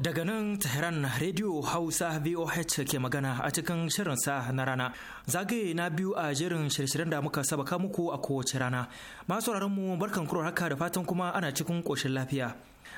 Daga nan Tehran Radio Hausa VOH ke magana a cikin shirinsa na rana. Zagaye na biyu a jerin shirye-shiryen da muka sabaka muku a kowace rana. Masu mu barkan kuro haka da fatan kuma ana cikin ƙoshin lafiya.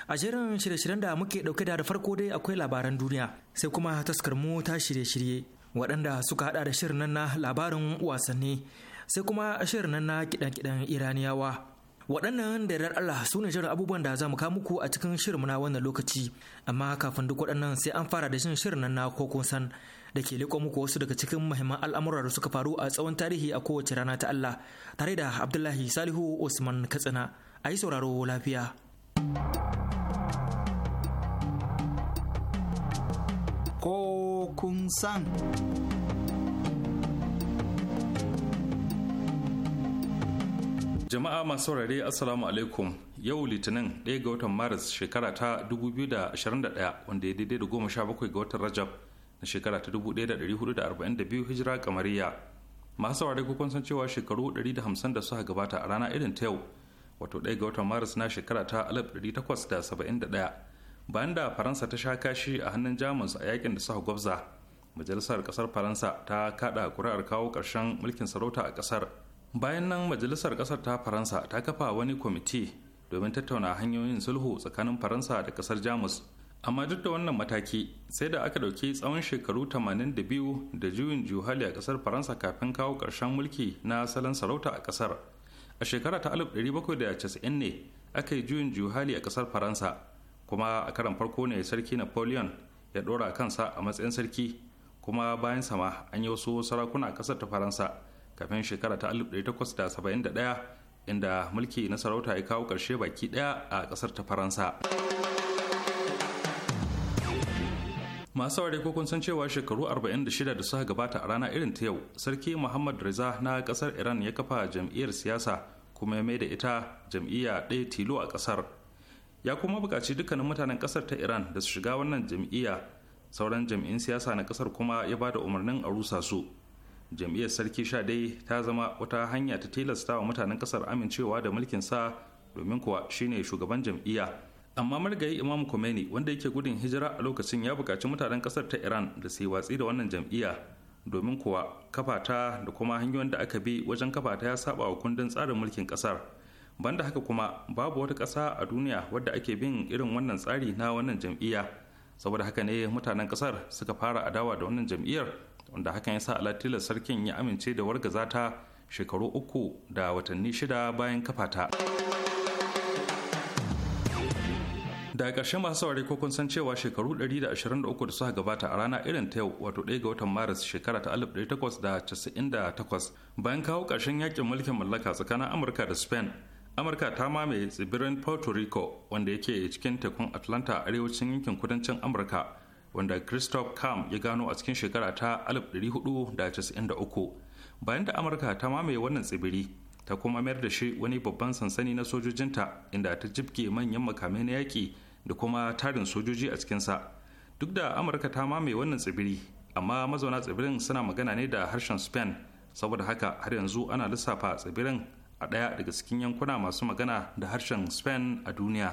A jerin shirye-shiryen da muke ɗauke da farko dai akwai labaran duniya sai kuma taskar mu ta shirye-shirye waɗanda suka haɗa da shirin nan na labarin wasanni sai kuma shirin nan na kiɗan-kiɗan Iraniyawa. waɗannan da yarar Allah su ne abubuwan da za mu kawo muku a cikin shirin na wannan lokaci amma kafin duk waɗannan sai an fara da shin shirin nan na kun san da ke liƙo muku wasu daga cikin muhimman al'amura da suka faru a tsawon tarihi a kowace rana ta Allah tare da Abdullahi Salihu Usman Katsina a yi sauraro lafiya. Kokun san. jama'a masu saurare assalamu alaikum yau litinin 1 ga watan maris shekara ta 2021 wanda ya daidai da goma sha bakwai ga watan rajab na shekara ta 1442 hijira kamariya masu saurare kukun san cewa shekaru 150 da suka gabata a rana irin ta yau wato 1 ga watan maris na shekara ta 1871 bayan da faransa ta sha kashi a hannun jamus a yakin da suka gwabza majalisar kasar faransa ta kada kuri'ar kawo ƙarshen mulkin sarauta a kasar bayan nan majalisar kasar ta faransa ta kafa wani kwamiti domin tattauna hanyoyin sulhu tsakanin faransa da kasar jamus amma duk da wannan mataki sai da aka ɗauki tsawon shekaru 82 da juyin juhali a kasar faransa kafin kawo ƙarshen mulki na salon sarauta a kasar a shekara ta 1790 ne aka yi juyin juhali a kasar faransa kuma a karan farko ne sarki napoleon ya ɗora kansa a matsayin sarki kuma bayan sama an yi wasu sarakuna a kasar ta faransa kafin shekara ta 1871 inda mulki na sarauta ya kawo ƙarshe baki ɗaya a ƙasar ta faransa masu saurare ko kun san cewa shekaru 46 da suka gabata a rana irin ta yau sarki muhammad reza na kasar iran ya kafa jam'iyyar siyasa kuma ya mai da ita jam'iyya ɗaya tilo a ƙasar ya kuma bukaci dukkanin mutanen ƙasar ta iran da su shiga wannan jam'iyya sauran jam'in siyasa na ƙasar kuma ya ba da umarnin a rusa su jam'iyyar sarki sha dai ta zama wata hanya ta tilasta wa mutanen kasar amincewa da mulkin sa domin kuwa shine shugaban jam'iyya amma margayi imam Khomeini wanda yake gudun hijira a lokacin ya buƙaci mutanen kasar ta iran da su yi watsi da wannan jam'iyya domin kuwa kafata da kuma hanyoyin da aka bi wajen kafata ya saba wa kundin tsarin mulkin kasar banda haka kuma babu wata ƙasa a duniya wadda ake bin irin wannan tsari na wannan jam'iyya saboda haka ne mutanen kasar suka fara adawa da wannan jam'iyyar wanda hakan ya sa alatila sarkin ya amince da wargaza ta shekaru uku da watanni shida bayan kafa ta da ƙarshe masu saurari ko kun san cewa shekaru 123 da suka gabata a rana irin ta yau wato ɗaya ga watan maris shekara ta 1898 bayan kawo ƙarshen yakin mulkin mallaka tsakanin amurka da spain amurka ta mamaye tsibirin puerto rico wanda yake cikin tekun atlanta arewacin yankin kudancin amurka wanda christoph kam ya gano a cikin shekara ta 1493 bayan da amurka ta mamaye wannan tsibiri ta kuma mayar da shi wani babban sansani na sojojinta inda ta jibge manyan makamai na yaƙi da kuma tarin sojoji a cikinsa duk da amurka ta mamaye wannan tsibiri amma mazauna tsibirin suna magana ne da harshen spain saboda haka har yanzu ana lissafa tsibirin a ɗaya daga cikin yankuna masu magana da harshen spain a duniya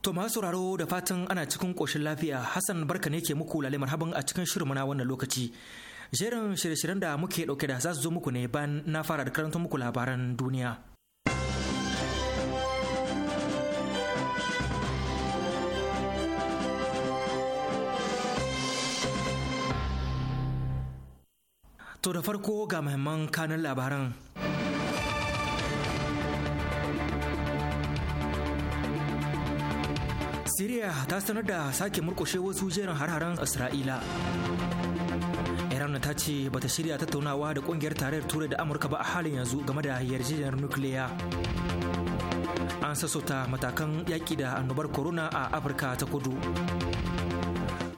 To masu sauraro da fatan ana cikin ƙoshin lafiya Hassan barka ne ke muku lalle marhaban a cikin shirin na wannan lokaci. Jerin shirye-shiryen da muke ɗauke da za su zo muku ne bayan na fara da karanta muku labaran duniya. To da farko ga muhimman kanin labaran. Siriya ta sanar da sake murkushe wasu jerin har-haren Isra'ila. Iran ta ce bata shirya tattaunawa da kungiyar tarayyar Turai da Amurka ba a halin yanzu game da yarjejeniyar nukiliya. An sassauta matakan yaƙi da annobar corona a Afirka ta kudu.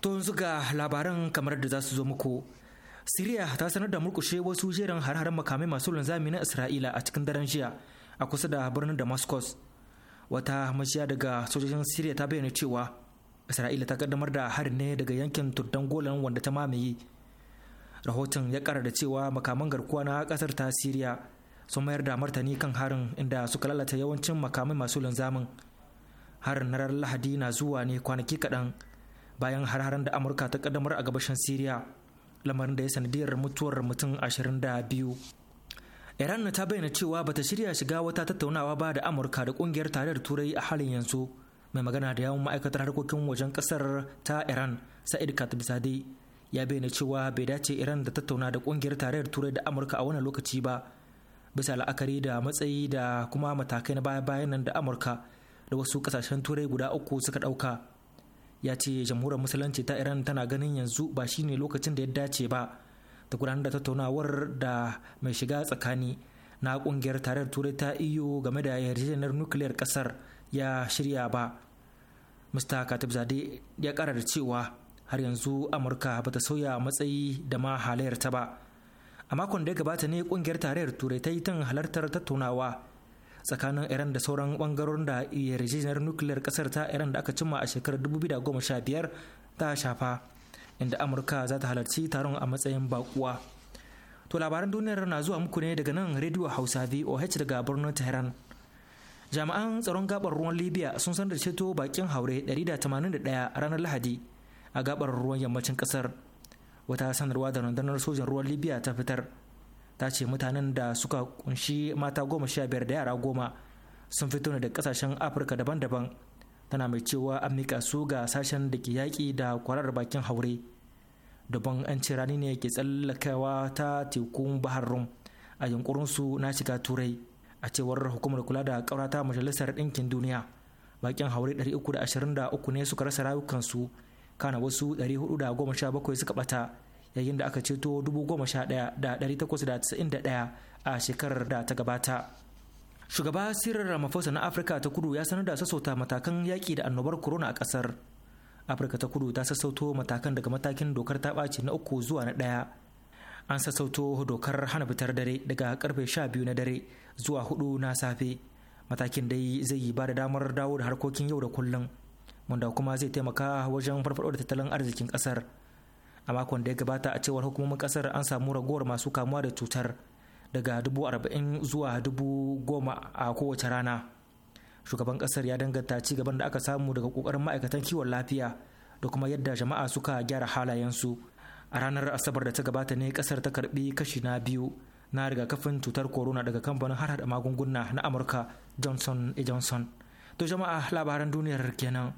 To yanzu ga labaran kamar da za su zo muku. Siriya ta sanar da murkushe wasu jerin har-haren makamai masu lanzami na Isra'ila a cikin daren jiya a kusa da birnin Damascus. wata majiya daga sojojin siriya ta bayyana cewa isra'ila ta kaddamar da harin ne daga yankin turdan golan wanda ta mamaye rahoton ya kara da cewa makaman garkuwa na kasar ta siriya sun mayar da martani kan harin inda suka lalata yawancin makamai masu linzamin harin na ranar lahadi na zuwa ne kwanaki kaɗan bayan har-haren da amurka ta kaddamar a gabashin siriya lamarin da ya sanadiyar mutuwar mutum ashirin da biyu iran ta bayyana cewa bata shirya shiga wata tattaunawa ba da amurka da kungiyar tarayyar turai a halin yanzu mai magana da yawon ma'aikatar harkokin wajen kasar ta iran sa'id katibzade ya bayyana cewa bai dace iran da tattauna da kungiyar tarayyar turai da amurka a wannan lokaci ba bisa la'akari da matsayi da kuma matakai na baya-bayan nan da amurka da wasu kasashen turai guda uku suka ɗauka ya ce jamhuriyar musulunci ta iran tana ganin yanzu ba shine lokacin da ya dace ba ta gudanar da tattaunawar da mai shiga tsakani na kungiyar tarayyar turai ta iyo e game da yarjejeniyar nukiliyar kasar ya shirya ba mr katib zade ya kara da cewa har yanzu amurka ba ta sauya matsayi da ma halayyarta ba a makon da ya gabata ne kungiyar tarayyar turai ta yi tun halartar tattaunawa tsakanin iran da sauran bangarorin da yarjejeniyar nukiliyar kasar ta iran da aka cimma a shekarar 2015 ta shafa inda amurka za ta halarci taron a matsayin bakuwa to labaran duniyar na zuwa muku ne daga nan rediyo hausa voh daga birnin tehran jami'an tsaron gabar ruwan libya sun sanar da ceto bakin haure 181 ranar lahadi a gabar ruwan yammacin kasar wata sanarwa da rundunar sojan ruwan libya ta fitar ta ce mutanen da suka kunshi mata goma sha biyar da yara goma sun fito ne da kasashen afirka daban-daban tana mai cewa an miƙa su ga sashen da ke yaƙi da kwarar bakin haure an ce rani ne ke tsallakawa ta tekun bahar rum a yunkurinsu na shiga turai a cewar hukumar kula da ta majalisar ɗinkin duniya bakin haure 323 ne suka rasa rayukansu kana wasu 417 suka bata yayin da aka ceto 11,891 a shekarar da ta gabata shugaba Cyril Ramaphosa na Afirka ta Kudu ya sanar da sassauta matakan yaƙi da annobar corona a ƙasar. Afirka ta Kudu ta sassauto matakan daga matakin dokar ta ɓaci na uku zuwa na ɗaya. An sassauto dokar hana fitar dare daga karfe sha biyu na dare zuwa hudu na safe. Matakin dai zai yi ba da damar dawo da harkokin yau da kullum. Wanda kuma zai taimaka wajen farfaɗo da tattalin arzikin ƙasar. A makon da ya gabata a cewar hukumomin ƙasar an samu ragowar masu kamuwa da cutar. daga dubu arba'in zuwa dubu goma a kowace rana shugaban kasar ya danganta ci gaban da aka samu daga kokarin ma'aikatan kiwon lafiya da kuma yadda jama'a suka gyara halayensu a ranar asabar da ta gabata ne kasar ta karbi kashi na biyu na rigakafin cutar corona daga kamfanin harhaɗa magunguna na amurka johnson johnson to jama'a labaran duniyar kenan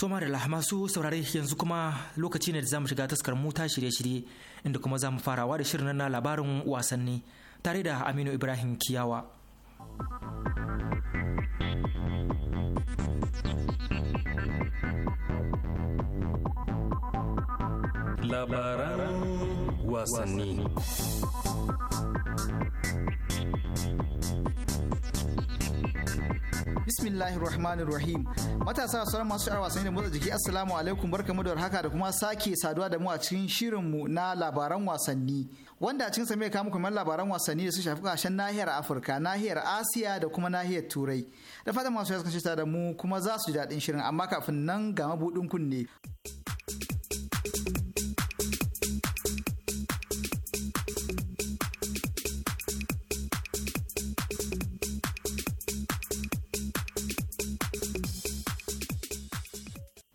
To Marila su saurari yanzu kuma lokaci ne da zamu shiga taskar mu ta shirye-shirye inda kuma zamu farawa da shirin na labarin wasanni tare da Aminu Ibrahim Kiyawa. Labaran wasanni Bismillahirrahmanirrahim. Matasa sauran masu sha'ar wasanni da motsa jiki Assalamu alaikum barkamu da warhaka da kuma sake saduwa da mu a cikin shirinmu na labaran wasanni. Wanda a cikin sa mai kamu kamar labaran wasanni da su shafi kashen nahiyar Afirka, nahiyar Asiya da kuma nahiyar Turai. Da fatan masu sha'ar kan da mu kuma za su ji daɗin shirin amma kafin nan ga mabuɗin kunne.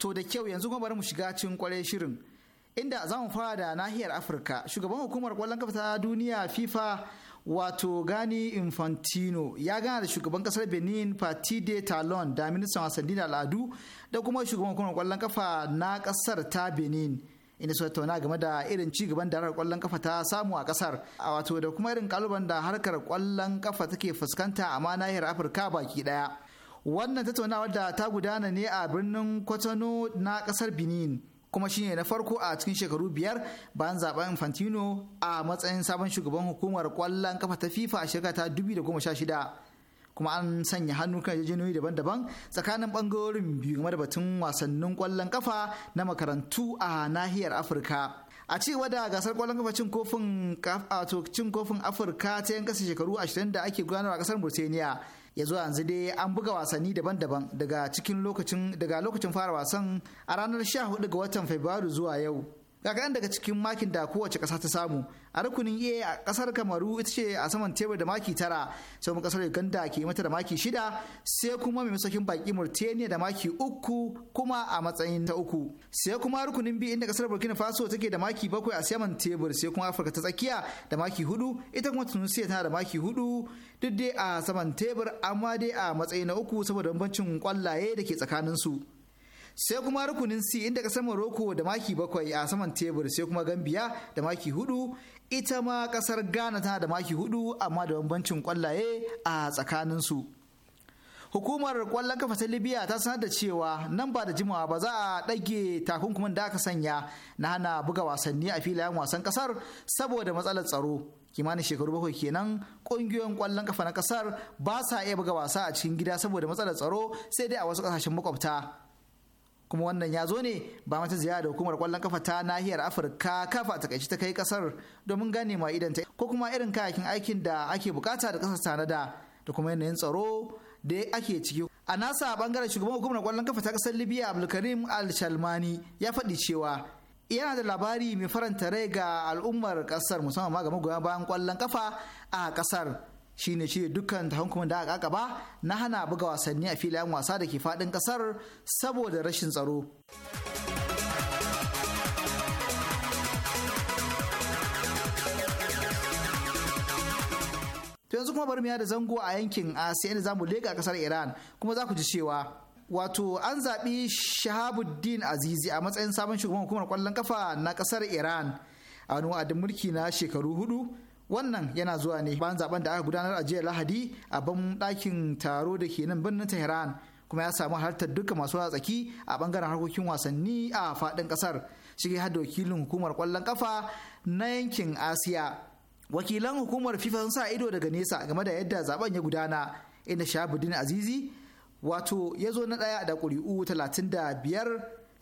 To da kyau yanzu kuma bari mu shiga cikin kwarai shirin. Inda za mu fara da nahiyar Afirka, shugaban hukumar kwallon kafa ta duniya FIFA wato Gani Infantino ya gana da shugaban kasar Benin de Talon da ministan wasanni da al'adu da kuma shugaban hukumar kwallon kafa na kasar ta Benin. Inda suka tattauna game da irin ci gaban da kwallon kafa ta samu a kasar, a wato da kuma irin kaluban da harkar kwallon kafa take fuskanta a ma nahiyar Afirka baki daya. wannan tattaunawar da ta gudana ne a birnin kwatano na kasar benin kuma shine na farko a cikin shekaru biyar bayan zaben infantino a matsayin sabon shugaban hukumar kwallon kafa ta fifa a shekara ta 2016 kuma an sanya hannu kan yajenoyi daban-daban tsakanin bangarorin biyu game da batun wasannin kwallon kafa na makarantu a nahiyar afirka a ci da gasar kwallon kafa cin kofin kofin afirka ta yanka shekaru 20 da ake gudanarwa a kasar burtaniya. ya zuwa yanzu dai an buga wasanni daban-daban daga cikin lokacin fara wasan a ranar 14 ga watan fabrairu zuwa yau ga kaɗan daga cikin makin da kowace ƙasa ta samu a rukunin a a ƙasar kamaru ita ce a saman tebur da maki tara sai kuma ƙasar uganda ke mata da maki shida sai kuma mai masaukin baki murtaniya da maki uku kuma a matsayin ta uku sai kuma rukunin biyu inda ƙasar burkina faso take da maki bakwai a saman tebur sai kuma afirka ta tsakiya da maki hudu ita kuma tunisia tana da maki hudu duk dai a saman tebur amma dai a matsayin na uku saboda bambancin kwallaye da ke tsakaninsu. su sai kuma rukunin c inda kasar morocco da maki bakwai a saman tebur sai kuma gambia da maki hudu ita ma ƙasar ghana tana da maki hudu amma da bambancin kwallaye a tsakaninsu hukumar kwallon kafa ta libya ta sanar da cewa nan ba da jimawa ba za a dage takunkumin da aka sanya na hana buga wasanni a filayen wasan kasar saboda matsalar tsaro kimanin shekaru bakwai kenan ƙungiyoyin ƙwallon kafa na kasar ba sa iya buga wasa a cikin gida saboda matsalar tsaro sai dai a wasu ƙasashen makwabta kuma wannan ya zo ne ba mata ziyara da hukumar kwallon kafa ta nahiyar afirka kafa ta kai ta kai kasar domin gane ma idan ta ko kuma irin kayakin aikin da ake bukata da kasar tanada da kuma yanayin tsaro da ake ciki a nasa bangaren shugaban hukumar kwallon kafa ta kasar libya abdulkarim al-shalmani ya faɗi cewa yana da labari mai faranta rai ga al'ummar kasar musamman ma ga magoya bayan kwallon kafa a kasar shine shirya dukkan takunkumin da aka gaba na hana buga wasanni a filayen wasa da ke fadin kasar saboda rashin tsaro. To yanzu kuma bari mu da zango a yankin Asiya inda mu leka kasar Iran kuma za ku ji cewa wato an zaɓi Shahabuddin Azizi a matsayin sabon shugaban hukumar ƙwallon kafa na kasar Iran a wani wa'adin mulki na shekaru hudu wannan yana zuwa ne bayan zaben da aka gudanar a jiya lahadi a ban ɗakin taro da ke nan birnin tehran kuma ya samu halartar duka masu tsaki a bangaren harkokin wasanni a faɗin ƙasar ciki har da wakilin hukumar kwallon ƙafa na yankin asiya wakilan hukumar fifa sun sa ido daga nesa game da yadda zaben ya gudana inda shahabuddin azizi wato ya zo na ɗaya da ƙuri'u talatin da biyar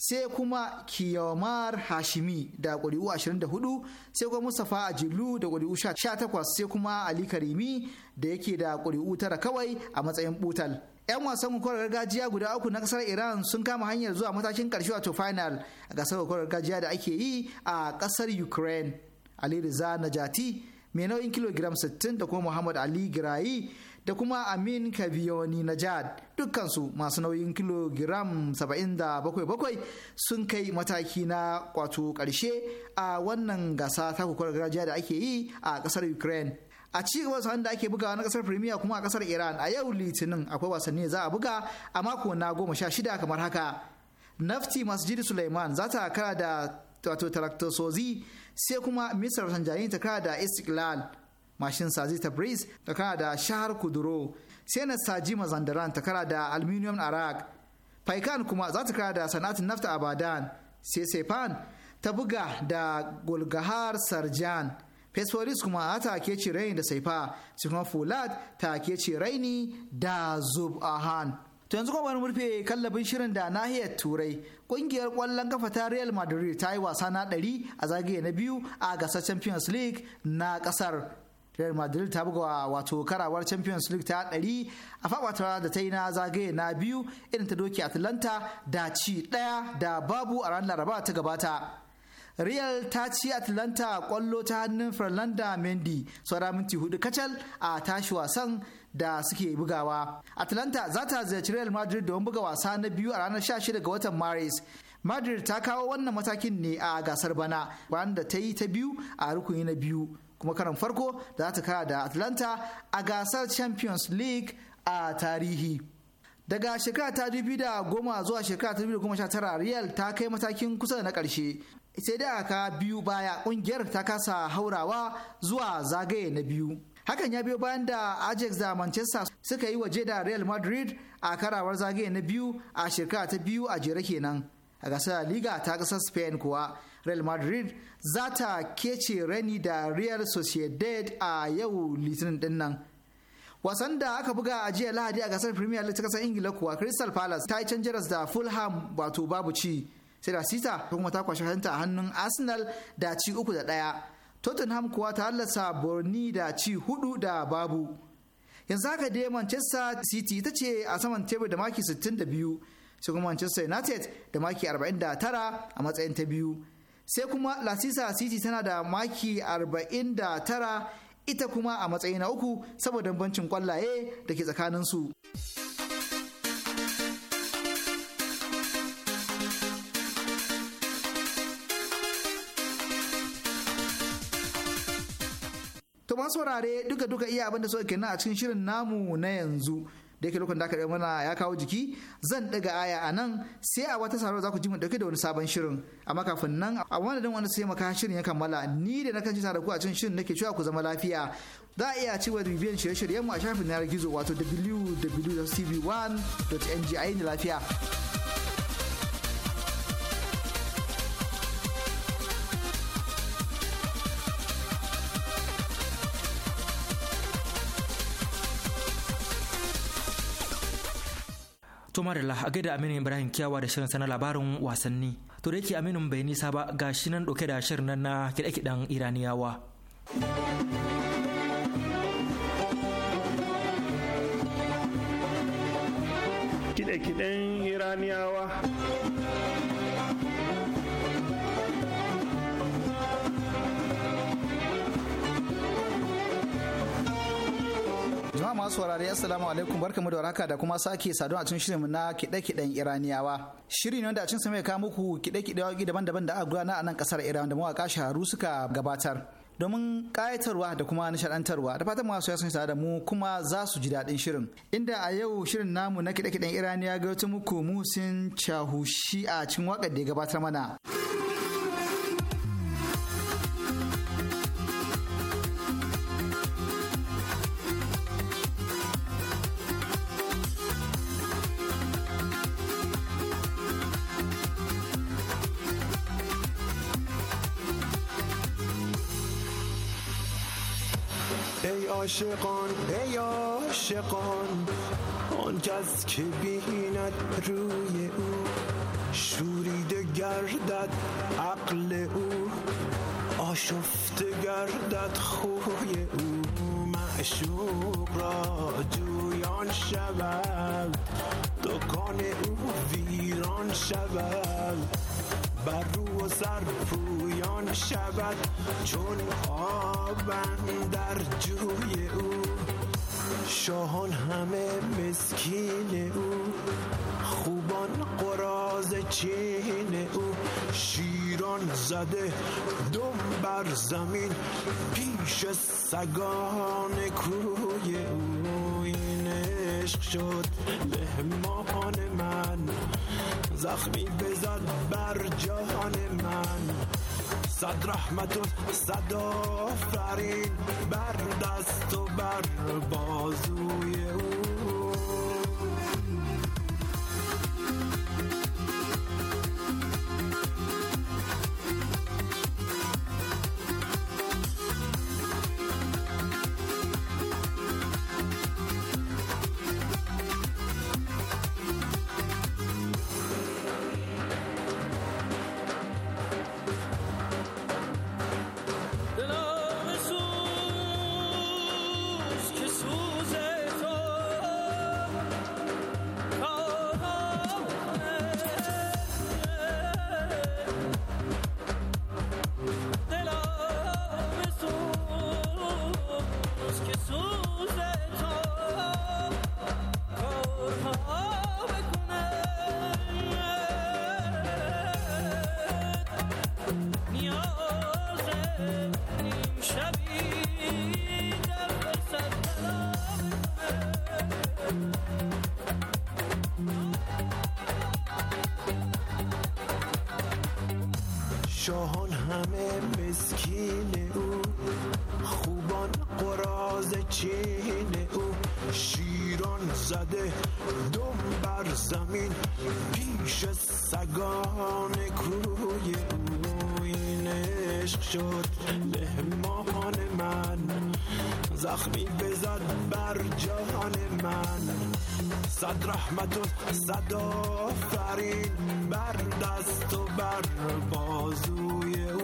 sai kuma kiyomar hashimi da ƙuri'u 24 sai kuma mustapha ajilu da ƙuri'u 18 sai kuma ali karimi da yake da ƙuri'u tara kawai a matsayin butal yan wasan kokowar gargajiya guda uku na kasar iran sun kama hanyar zuwa matakin karshe wato final a gasar kokowar gargajiya da ake yi a kasar ukraine ali riza najati mai nauyin kilogiram 60 da kuma muhammad ali girayi da kuma Amin Kabiyoni Najad dukkansu masu nauyin kilogiram 77 sun kai mataki na kwato ƙarshe a wannan gasa ta kokar gargajiya da ake yi a ƙasar Ukraine. A ci gaba da ake bugawa na ƙasar Premier kuma a kasar Iran a yau Litinin akwai wasanni za a buga a mako na goma sha shida kamar haka. Nafti masu Masjid Suleiman za ta kara da wato sozi sai kuma Misar Tanjani ta kara da Istiklal. mashin sazi tabriz ta da shahar kuduro sai na saji mazandaran ta kara da aluminium arak faikan kuma za ta kara da sanatin nafta abadan sai sefan ta buga da golgahar sarjan fesforis kuma ta keci raini da saifa su kuma fulat ta keci raini da zub'ahan to yanzu kuma murfe kallabin shirin da nahiyar turai kungiyar kwallon kafa ta real madrid ta yi wasa na ɗari a zagaye na biyu a gasar champions league na kasar Real Madrid ta buga wato karawar Champions League ta ɗari a fafatara da ta yi na zagaye na biyu irin ta doki Atlanta da ci ɗaya da babu a ranar Laraba ta gabata. Real ta ci Atlanta kwallo ta hannun Fernanda Mendy saura minti hudu kacal a tashi wasan da suke bugawa. Atlanta za ta ziyarci Real Madrid don buga wasa na biyu a ranar 16 ga watan Maris. Madrid ta kawo wannan matakin ne a gasar bana wanda ta yi ta biyu a rukuni na biyu. kuma karan farko da za ta kara da atlanta a gasar champions league a tarihi daga shekara ta da goma zuwa shekara ta goma sha tara real ta kai matakin kusa da na ƙarshe sai dai aka biyu baya ƙungiyar ta kasa haurawa zuwa zagaye na biyu hakan ya biyo bayan da ajax da manchester suka yi waje da real madrid a karawar zagaye na biyu a shekara ta biyu a jere kenan a gasar liga ta kasar spain kuwa real madrid za ta kece rani da real sociedad a yau litinin din wasan da aka buga a jiya lahadi a gasar premier league ta kasar ingila kuwa crystal palace ta yi can da fulham wato babu ci sai da sita kuma ta kwashe hanta a hannun arsenal da ci uku da ɗaya tottenham kuwa ta hallasa borni da ci hudu da babu yanzu haka dai manchester city ita ce a saman tebur da maki 62 sai kuma manchester united da maki 49 a matsayin ta biyu sai kuma lasisa city tana da maki 49 ita kuma a matsayi na uku saboda bancin kwallaye da ke tsakaninsu. To masu wurare duka-duka iya abinda suka kenan a cikin shirin namu na yanzu da yake lokacin da aka mana ya kawo jiki zan ɗaga aya a nan sai a wata sarau za ku ji mu dauke da wani sabon shirin amma kafin nan a dan wani sai maka shirin ya kammala ni da na kan tare ku a cikin shirin nake cewa ku zama lafiya za a iya cewa bibiyan shirye-shiryen mu a shafin yanar gizo wato www.tv1.ng a yi lafiya. To Marilla a gaida Aminu Ibrahim Kiyawa da shirin sana labarin wasanni. To da yake Aminu bai nisa ba ga shi nan ɗauke da shirin nan na kiɗe-kiɗen Iraniyawa. Kiɗe-kiɗen Iraniyawa. Jama'a masu saurare Assalamu alaikum barkamu da waraka da kuma sake saduwa a cikin shirin na kide-kiden Iraniyawa. Shiri ne wanda a cikin sa mai kawo muku kide-kide waƙi daban-daban da aka gudana a nan kasar Iran da mawaka shaharu suka gabatar. Domin kayatarwa da kuma nishadantarwa da fatan masu yasan sa da mu kuma za su ji daɗin shirin. Inda a yau shirin namu na kiɗe kiɗen Iraniya ga muku Musin Chahushi a cikin waƙar da ya gabatar mana. آشقان ای عاشقان آن کس که بیند روی او شوریده گردد عقل او آشفته گردد خوی او معشوق را جویان شود دکان او ویران شود بر رو و سر پود عیان شود چون آبم در جوی او شاهان همه مسکین او خوبان قراز چین او شیران زده دم بر زمین پیش سگان کوی او این عشق شد مهمان من زخمی بزد بر جهان من صد رحمت و صد آفرین بر دست و بر بازوی او شاهان همه مسکین او خوبان قراز چین او شیران زده دم بر زمین پیش سگان کوی او این عشق شد لهمان من زخمی بزد بر جان من صد رحمت و صد آفرین بر دست و بر بازوی او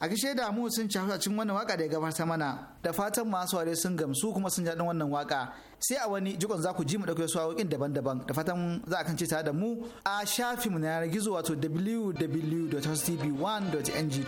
a kishe da mu sun ci cin wannan waka da ya gabata mana da fatan masu ware sun gamsu kuma sun jaɗin wannan waka sai a wani jikon za ku ji mu ɗauke su waƙoƙin daban-daban da fatan za a kan tare da mu a shafin na yanar gizo wato wwwtv 1ng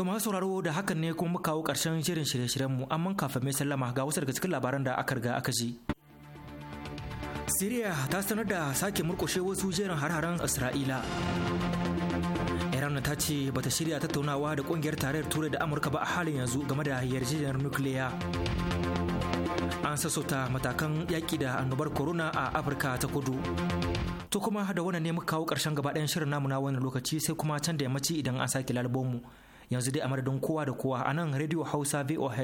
To masu sauraro da hakan ne kuma muka kawo ƙarshen shirin shirye-shiryenmu amma kafin mai sallama ga wasu daga cikin labaran da aka riga aka ji. Siriya ta sanar da sake murkushe wasu jerin har-haren Isra'ila. Iran ta ce bata shirya tattaunawa da ƙungiyar tarayyar Turai da Amurka ba a halin yanzu game da yarjejeniyar nukiliya. An sassauta matakan yaƙi da annobar corona a Afirka ta kudu. To kuma da wannan ne muka kawo ƙarshen gaba ɗayan shirin namu na wannan lokaci sai kuma can da yammaci idan an sake lalbonmu. mu. yanzu dai a madadin kowa da kowa a nan radio hausa voh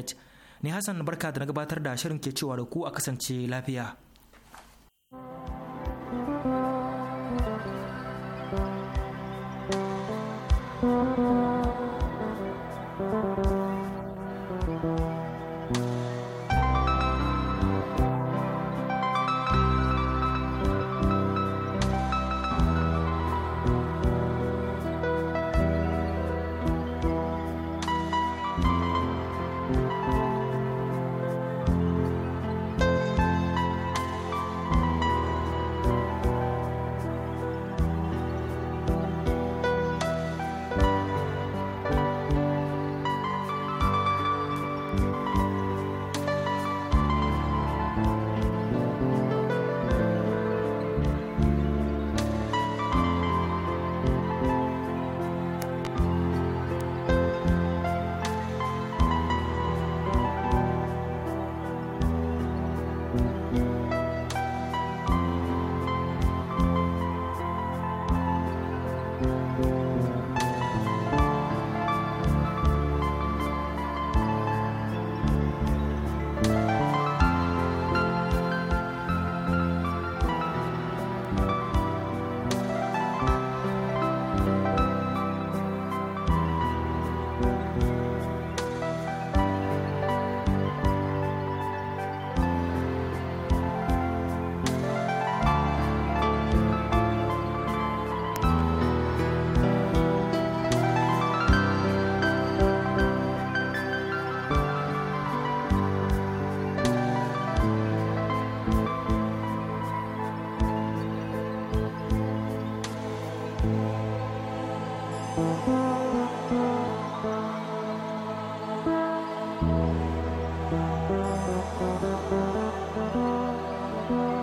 ne hassan barka da na gabatar da shirin ke cewa da ku a kasance lafiya thank you Thank you. Thank you.